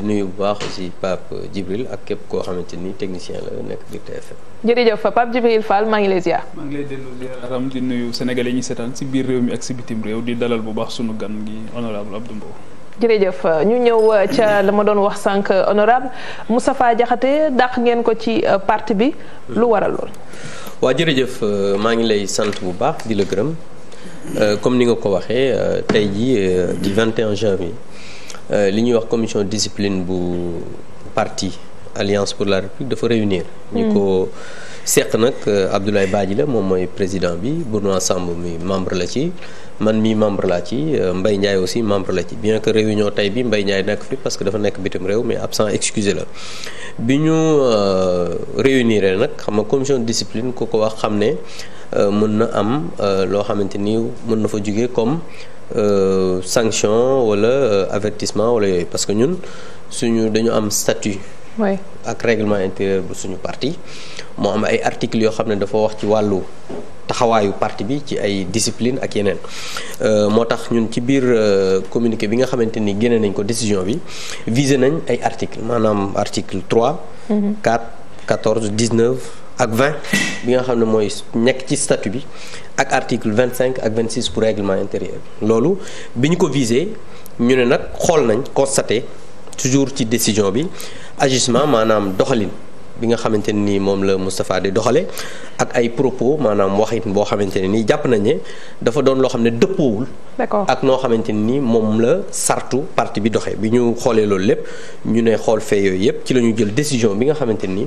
di nuyu bu baax aussi Pape Djibril ak képp koo xamante ni technicien la nekk biir TFM. jërëjëf Pape Djibril Fall maa ngi lay ziar. maa ngi lay dellu nuyu sénégalais ñi seetaan si biir réew mi ak si bitim réew di dalal bu baax sunu gan gi honorable Abdou Mbow. jërëjëf ñu ñëw euh, ca mm-hmm. la doon wax sànq euh, honorable Moustapha Diakhaté dàq ngeen ko ci euh, parti bi mm-hmm. lu waral lool. waa jërëjëf maa ngi lay sant bu baax di la gërëm comme ni nga ko waxee tey jii di 21 janvier. Euh, li ñuy wax commission discipline bu parti alliance pour la république dafa réunir. ñu ko hmm. seq nag euh, Abdoulaye Badji la moom mooy président bi Bournois Samb mi membre la ci man mi membre laa ci euh, Mbaye Ndiaye aussi membre la ci bien que réunion tey bi Mbaye Ndiaye nekk fi parce que dafa nekk bitim réew mais absent excusé la bi ñu réunir nag xam nga commission de discipline ku ko wax xam ne mën na am loo xamante ni mën na fa jugee comme. Euh, sanction wala euh, avertissement wala yooyu parce que ñun suñu dañu am statut. ak réglement intérieur bu suñu parti moo am ay articles yoo xam ne dafa wax ci wàllu taxawaayu parti bi ci ay discipline ak yeneen euh, moo tax ñun ci biir communiqué bi nga xamante ni génne nañ ko décision bi visé nañ ay articles maanaam article 3 4 14 ak 20 bi nga xam ne mooy nekk ci statut bi ak article vingt cinq ak vingt six pour règlement intérieur loolu bi ñu ko visé ñu ne nag xool nañ constaté toujours ci décision bi agissement maanaam doxalin. bi nga xamante ne nii moom la Moustapha di doxale ak ay propos maanaam waxit boo xamante ne nii jàpp nañ ne dafa doon loo xam ne dëppoowul ak noo xamante ne nii moom la sartu parti bi doxee bi ñu xoolee loolu lépp ñu ne xool fee yooyu yëpp ci la ñu jël décision bi nga xamante ni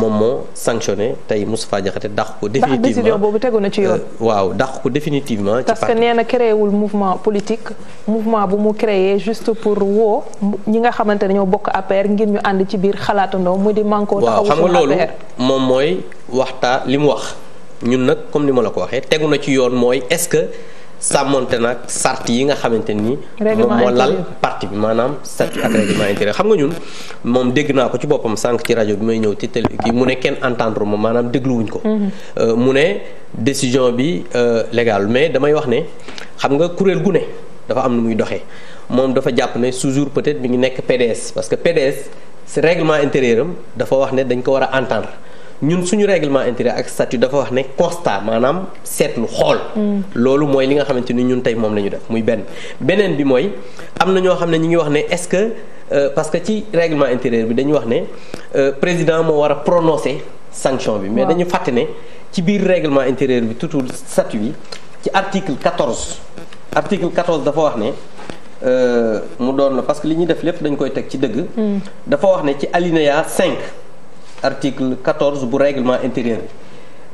moom moo sanctionné tey Moustapha Diakhaté dax ko définitivement boobu tegu na ci yoon euh, waaw dàq ko définitivement parce que nee na créé wul mouvement politique mouvement bu mu créé juste pour woo ñi nga xamante ne ñoo bokk APR ngir ñu ànd ci biir xalaatandoo mu di manko taxaw xam nga loolu moom mooy waxtaa li mu wax ñun nag comme ni ma la ko waxee tegu na ci yoon mooy ce que sàmmonte nag sart yi nga xamante ni moom moo lal parti bi maanaam statut ak xam nga ñun moom dégg naa ko ci boppam sànq ci rajo bi may ñëw ci télé ki mu ne kenn entendre moom maanaam dégluwuñ ko mhm. euh, mu ne décision bi euh, légale mais damay wax ne xam nga kuréel gu ne dafa am na muy doxee moom dafa jàpp ne toujours peut-être bi ngi nekk PDS parce que PDS si règlement intérieur am dafa wax ne dañ ko war a entendre ñun suñu règlement intérieur ak statut dafa wax ne constat maanaam seetlu xool. Mm. loolu mooy li nga xamante ni ñun tey moom la ñu def muy benn. beneen bi mooy am na ñoo xam ne ñu ngi wax ne est-ce que euh, parce que ci règlement intérieur bi dañu wax ne euh, président moo war a prononcer sanction bi. mais dañu fàtte ne ci biir règlement intérieur bi tutul statut bi ci article 14. article 14 dafa wax ne. Euh, mu doon la parce que li ñuy def lépp dañu koy teg ci dëgg. Hmm. dafa wax ne ci alinéa cinq article 14 bu règlement intérieur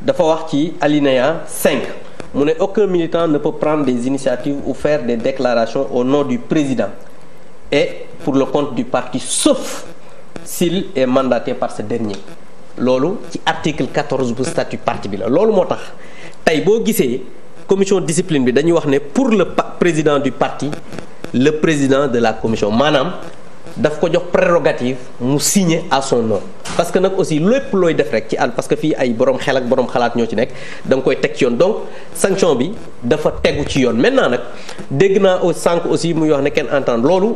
dafa wax ci alinéa cinq mu ne aucun militant ne peut prendre des initiatives ou faire des déclarations au nom du président et pour le compte du parti sauf s'il est mandaté par ce dernier. loolu ci article 14 bu statut parti bi la loolu moo tax tey boo gisee commission discipline bi dañuy wax ne pour le président du parti. le président de la commission maanaam daf ko jox prérogative mu signer asson son nom que nag aussi lépp looy def rek ci àll parce que fii ay borom xel ak borom xalaat ñoo ci nekk danga koy teg ci yoon donc sanction bi dafa tegu ci yoon maintenant nag dégg naa sànq aussi muy wax ne kenn entendre loolu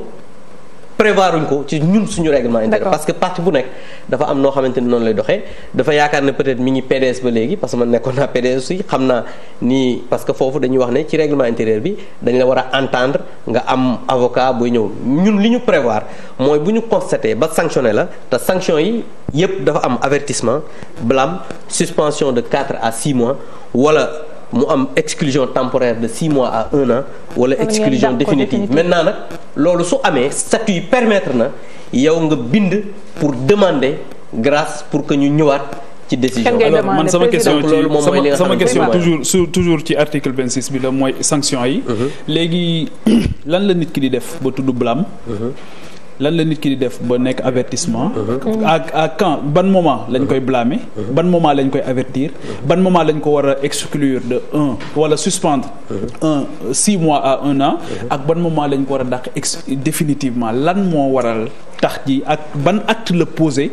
prévoir uñ ko ci ñun suñu règlement intérieur parce que parti bu nekk dafa am noo xamante ni noonu lay doxee dafa yaakaar ne peut-être mi ngi PDS ba léegi parce que man nekkoon naa PDS aussi xam naa nii parce que foofu dañuy wax ne ci règlement intérieur bi dañ la war a entendre nga am avocat booy ñëw ñun li ñu prévoir mooy bu ñu constaté ba sanctionné la te sanction yi yëpp dafa am avertissement blâme suspension de quatre à six mois wala mu am exclusion temporaire de six mois à un an wala exclusion définitive maintenant nag loolu su amee statut yi permettre na yow nga bind pour demander grâce pour que ñu ñëwaat ci décision alors man sama question ci sama question toujours sur toujours ci article 26 bi la mooy sanction yi mhm. léegi lan la nit ki di def ba tuddu blâme mhm. lan la nit ki di def ba nekk avertissement. Uh-huh. ak à quand ban moment lañ koy blâmer. Uh-huh. ban moment lañ koy avertir. Uh-huh. ban moment lañ ko war a exclure de un wala suspendre. un six mois à un an. ak ban moment lañ ko war a dàq ex définitivement lan moo waral. tax ji ak ban acte la posé.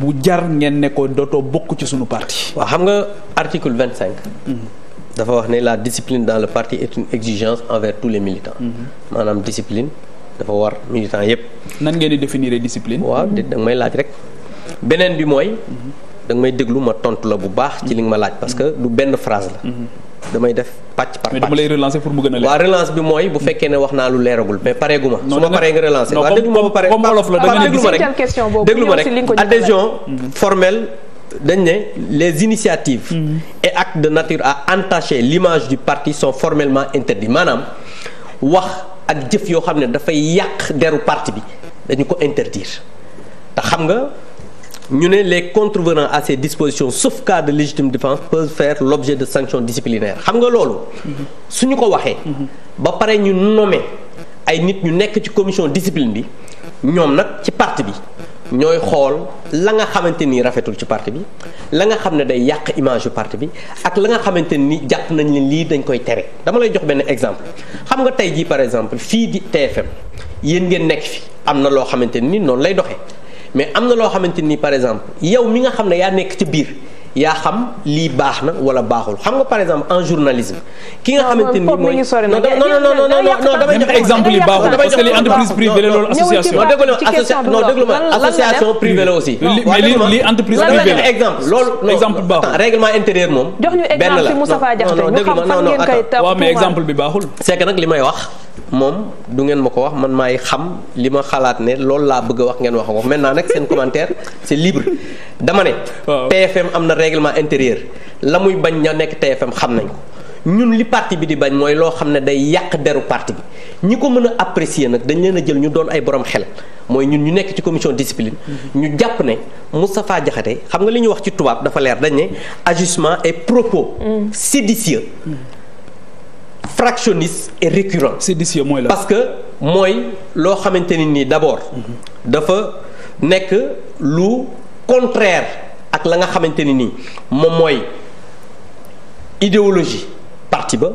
bu jar ngeen nekkoo ko dootoo bokk ci suñu parti. waa xam nga article vingt cinq. Mm-hmm. dafa wax ne la discipline dans le parti est une exigence envers tous les militants. Mm-hmm. maanaam discipline. dafa war militant yëpp. nan ngeen di définir discipline. waaw da nga may laaj rek. beneen bi mooy. da may déglu ma tontu la bu baax. ci li nga ma laaj parce que du benn phrase la. damay def pàcc par pàcc. mais dama lay relancer pour mu gën a leer. waaw relance bi mooy bu fekkee ne wax naa lu leeragul mais pareegu ma. su ma paree nga relancer. non comme comme wolof la da nga déglu ma rek adhésion mm-hmm. formelle. dañ ne les initiatives mmh. et actes de nature à entacher l'image du parti sont formellement interdits maanaam wax ak jëf yoo xam ne dafay yàq deru parti bi dañu ko interdire te xam nga ñu ne les contrevenants à ces dispositions sauf cas de légitime défense peuvent faire l'objet de sanctions disciplinaires xam nga loolu su ñu ko waxee ba pare ñu nome ay nit ñu nekk ci commission discipline bi ñoom nag ci parti bi ñooy xool la nga xamante ni rafetul ci parti bi la nga xam ne day yàq image yu parti bi ak la nga xamante ni jàpp nañ ne lii dañ koy tere dama lay jox benn exemple xam nga tey jii par exemple fii di TFM yéen ngeen nekk fi am na loo xamante ni noonu lay doxee mais am na loo xamante ni par exemple yow mi nga xam ne yaa nekk ci biir. yaa xam lii baax na baaxul xam nga par exemple en journalisme. ki nga xamante ni mooy non non non non non exemple yi baaxul parce que li entreprise privée la association. non déglu exemple baaxul règlement intérieur moom. benn exemple baaxul. c'est li may wax. moom du ngeen ma ko wax man maay xam li ma xalaat ne loolu laa bëgg a wax ngeen wax ko maintenant nag seen commentaire c'est libre dama ne. TFM am na règlement intérieur la muy bañ ña nekk TFM xam nañ ko. ñun li parti bi di bañ mooy loo xam ne day yàq deru parti bi ñi ko mën a apprécier nag dañ leen a jël ñu doon ay borom xel mooy ñun ñu nekk ci commission discipline. Mm-hmm. ñu jàpp ne Moustapha Diakhaté xam nga li ñuy wax ci tubaab dafa leer dañ ne agissement et propos mm. séditieux. Mm. fractionniste et récurrent. séditieux mooy la parce que mooy loo xamante ni nii d'abord. dafa nekk lu contraire ak la nga xamante ni nii moom mooy idéologie parti ba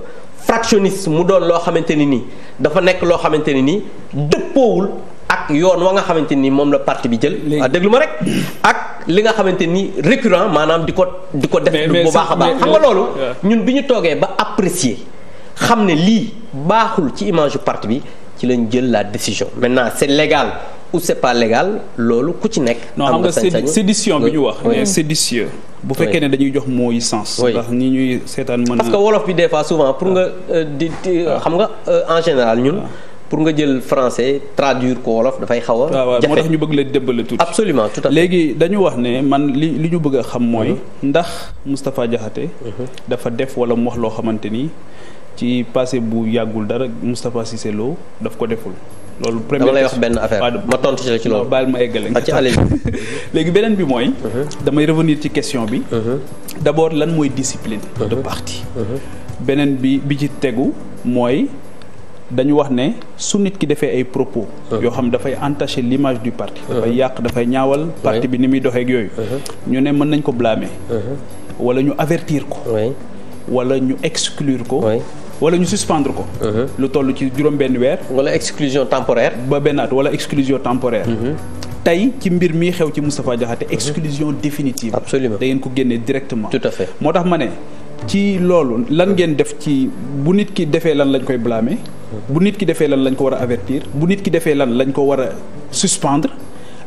fractionniste mu doon loo xamante ni nii dafa nekk loo xamante ni nii dëppoowul ak yoon wa nga xamante nii moom la parti bi jël. Ah, déglu ma rek ak li nga xamante ni récurrent maanaam di ko. di ko def bu baax a baax xam nga loolu. ñun bi ñu toogee ba apprécier. xam ne lii baaxul ci image parti bi ci lañ jël la décision maintenant c'est légal ou c'est pas légal loolu ku ci nekk. non xam nga sédition bi ñu wax. mais séditieux. bu fekkee ne dañuy jox mooy sens. ndax ñi ñuy seetaan man parce que wolof bi des fois souvent pour nga euh, di euh, ah. xam nga euh, en général ñun. Ah. pour nga jël français traduire ko wolof dafay xaw a. Ah, jafe moo tax ñu bëgg la dëbbale tuuti. absolument tout à fait léegi dañu wax ne man li li ñu bëgg a xam mooy. Mm-hmm. ndax Moustapha Diakhaté. Mm-hmm. dafa def wala mu loo xamante ni. ci passé bu yàggul dara Moustapha Cissé Lo daf ko deful. loolu première dama lay wax benn affaire ma tontu ci loolu baal ma nga ah, ci allez léegi beneen bi mooy. Mhm. damay revenir ci question bi. Mhm. d' abord lan mooy discipline. de mhm. parti. beneen bi bi ci tegu mooy dañu wax ne su nit ki defee ay propos. yoo xam dafay entacher l'image du parti. dafay yàq dafay ñaawal. parti bi ni muy doxeek yooyu. ñu ne mën nañ ko blâmer. wala ñu avertir ko. wala ñu exclure ko. wala ñu suspendre ko. Uh-huh. lu toll ci juróom benn weer. wala exclusion temporaire. ba benn at wala exclusion temporaire. Uh-huh. tey ci mbir mi xew ci Moustapha Diakhaté uh-huh. exclusion définitive. absolument da ngeen ko génnee directement. tout à fait moo tax ma ne ci loolu lan ngeen def ci bu nit ki defee lan lañ koy blâmer. bu nit ki defee lan lañ ko war a avertir bu nit ki defee lan lañ ko war a suspendre.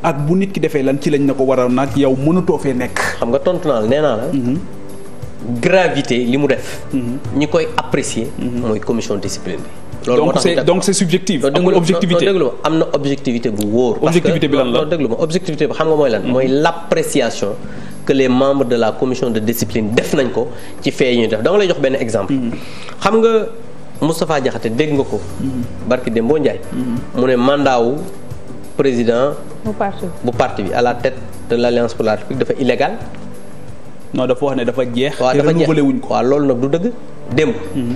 ak bu nit ki defee lan ci lañ na ko waroon nag yow mënatoo fee nekk. xam nga tontu la nee la. Mm-hmm. gravité li mu def. Mhm. ñi koy apprécier. Mhm. mooy commission discipline bi. loolu moo tax donc c'est subjectif. amul objectivité déglu ma am na objectivité bu wóor. objectivité bi lan la parce que déglu ma objectivité bi xam nga mooy mhm. mooy l'appréciation que les membres de la commission de discipline def nañ ko ci fee yi ñuy def dama lay jox benn exemple. xam nga Moustapha Diakhaté dégg nga ko. barki Dembo Ndiaye. mu ne mandat président. bu parti bu parti bi à la tête de l'Alliance pour la dafa illégal. ma dafa wax ne dafa jeex. waaw dafa jeex wuñ ko waaw loolu nag du dëgg démb. Mhm.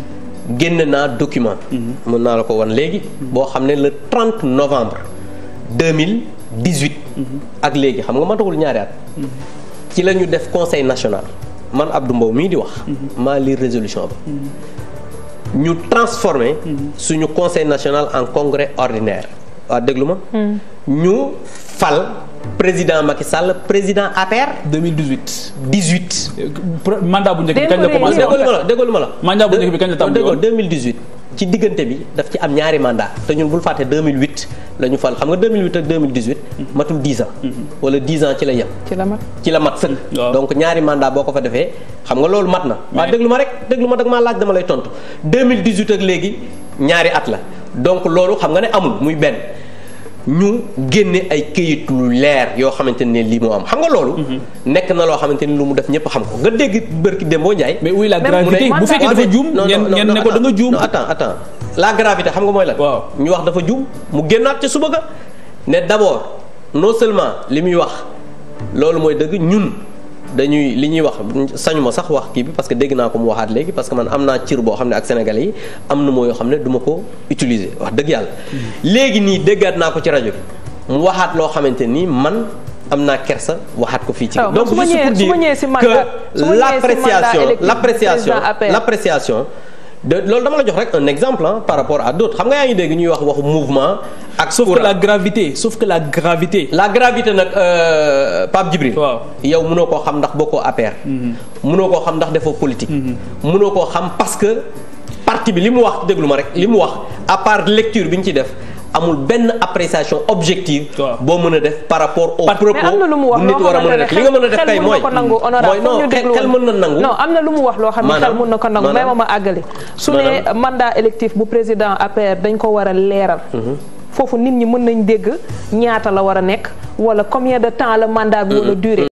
génn naa document. mun mhm. naa la ko wan léegi. Mhm. boo xam ne le 30 novembre 2018. ak léegi xam nga matagul ñaari at. ci la ñu def conseil national man ab Mbow mii di wax. maa lire résolution ba. ñu transformer suñu conseil national en congrès ordinaire waaw déglu ma. Hmm. ñu fal. président Macky Sall président APR. 2018. 18. mandat bu njëkk bi kañ la commencé woon déglu ma la mandat bu njëkk bi kañ la tàmbali woon 2018. ci diggante bi daf ci am ñaari mandat te ñun bul fàtte 2008 la ñu fal xam nga 2008 ak 2018. matul 10 ans. Mhm. wala 10 ans ci la yem. ci la mat ci donc ñaari mandat boo ko fa defee xam nga loolu mat na. waaw déglu ma rek déglu ma dag maa laaj dama lay tontu 2018 ak léegi ñaari at la donc loolu xam nga ne amul muy benn. ñu génne ay këyit lu leer yoo xamante ne lii moo am xam nga loolu. Mhm. nekk na loo xamante ni lu mu def ñëpp xam ko nga dégg bërki Dembo Ndiaye. mais oui la gravité bu fekkee dafa juum. ñen ñen ne ko da nga juum. attends attends la gravité xam nga mooy lan. waaw ñu wax dafa juum mu génnaat ca suba ga. ne d'abord noo seulement li muy wax loolu mooy dëgg ñun. dañuy li ñuy wax sañu ma sax wax kii bi parce que dégg naa ko mu waxaat léegi parce que man am naa cir boo xam ne ak sénégalais yi am na moo yoo xam ne duma ko utiliser wax dëgg yàlla. léegi nii déggaat naa ko ci rajo bi mu waxaat loo xamante nii man. am naa kersa waxaat ko fii ci donc juste pour dire que l'appréciation l'appréciation l'appréciation de loolu dama la jox rek un exemple par rapport à d'autres xam nga yaa ngi dégg ñuy wax waxu mouvement. ak sauf que la gravité sauf que la gravité. la gravité nag euh, Pape Djibril. waaw yow mënoo koo xam ndax bokkoo APR. Mhm. mënoo koo xam ndax defoo politique. Mhm. mënoo koo xam parce que parti bi li mu wax déglu ma rek li mu wax à part lecture bi ñu ci def. amul benn appréciation objective. boo mën a def par rapport au propos bu nit war a mën a def li nga mën a def kay mooy. mooy non xel mën na nangu. am na lu mu wax loo xam ne xel mën na ko nangu. maanaam maanaam ma àggale. su ne mandat électif bu président APR dañ ko war a leeral. Mhm. foofu nit ñi mën nañ dégg ñaata la war a nekk wala combien de temps la mandat bi mhm. war a durer.